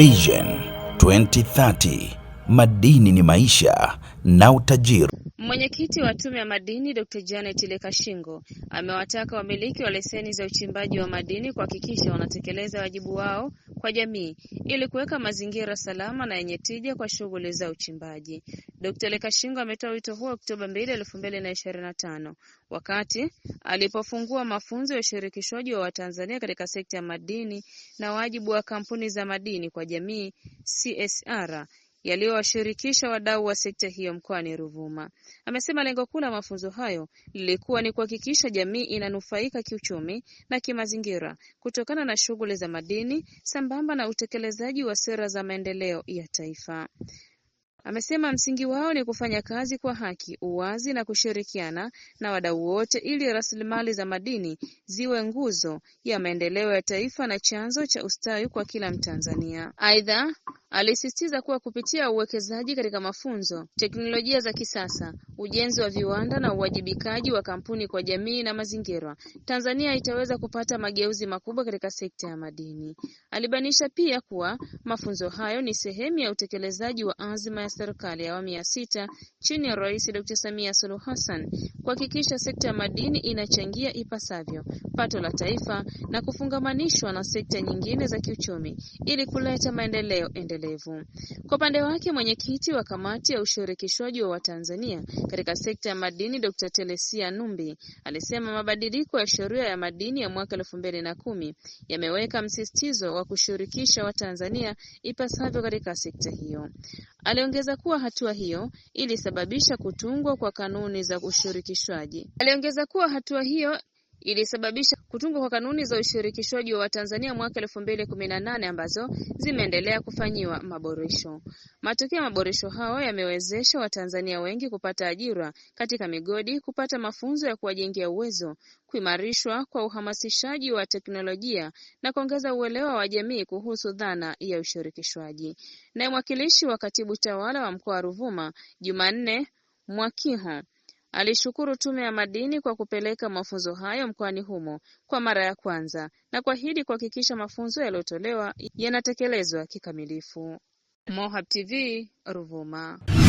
Vision 2030 madini ni maisha na utajiri. Mwenyekiti wa Tume ya Madini Dr. Janet Lekashingo amewataka wamiliki wa leseni za uchimbaji wa madini kuhakikisha wanatekeleza wajibu wao kwa jamii ili kuweka mazingira salama na yenye tija kwa shughuli za uchimbaji. Dkt. Lekashingo ametoa wito huo Oktoba 2, 2025 wakati alipofungua mafunzo ya ushirikishwaji wa Watanzania katika sekta ya madini na wajibu wa kampuni za madini kwa jamii CSR yaliyowashirikisha wadau wa sekta hiyo mkoani Ruvuma. Amesema lengo kuu la mafunzo hayo lilikuwa ni kuhakikisha jamii inanufaika kiuchumi na kimazingira kutokana na shughuli za madini sambamba na utekelezaji wa sera za maendeleo ya taifa. Amesema msingi wao ni kufanya kazi kwa haki, uwazi na kushirikiana na wadau wote ili rasilimali za madini ziwe nguzo ya maendeleo ya taifa na chanzo cha ustawi kwa kila Mtanzania. Aidha, Alisisitiza kuwa kupitia uwekezaji katika mafunzo, teknolojia za kisasa, ujenzi wa viwanda na uwajibikaji wa kampuni kwa jamii na mazingira, Tanzania itaweza kupata mageuzi makubwa katika sekta ya madini. Alibainisha pia kuwa mafunzo hayo ni sehemu ya utekelezaji wa azma ya serikali ya awamu ya sita chini ya Rais Dr. Samia Suluhu Hassan kuhakikisha sekta ya madini inachangia ipasavyo pato la taifa na kufungamanishwa na sekta nyingine za kiuchumi ili kuleta maendeleo endelevu endelevu. Kwa upande wake, mwenyekiti wa kamati ya ushirikishwaji wa Watanzania katika sekta ya madini Dr. Telesia Numbi alisema mabadiliko ya sheria ya madini ya mwaka elfu mbili na kumi yameweka msisitizo wa kushirikisha Watanzania ipasavyo katika sekta hiyo. Aliongeza kuwa hatua hiyo ilisababisha kutungwa kwa kanuni za ushirikishwaji. Aliongeza kuwa hatua hiyo ilisababisha kutungwa kwa kanuni za ushirikishwaji wa Watanzania mwaka elfu mbili kumi na nane ambazo zimeendelea kufanyiwa maboresho. Matokeo ya maboresho hayo yamewezesha Watanzania wengi kupata ajira katika migodi, kupata mafunzo ya kuwajengea uwezo, kuimarishwa kwa uhamasishaji wa teknolojia na kuongeza uelewa wa jamii kuhusu dhana ya ushirikishwaji. Naye mwakilishi wa katibu tawala wa mkoa wa Ruvuma, Jumanne Mwakiho Alishukuru Tume ya Madini kwa kupeleka mafunzo hayo mkoani humo kwa mara ya kwanza na kuahidi kuhakikisha mafunzo yaliyotolewa yanatekelezwa kikamilifu. MOHAB TV, Ruvuma.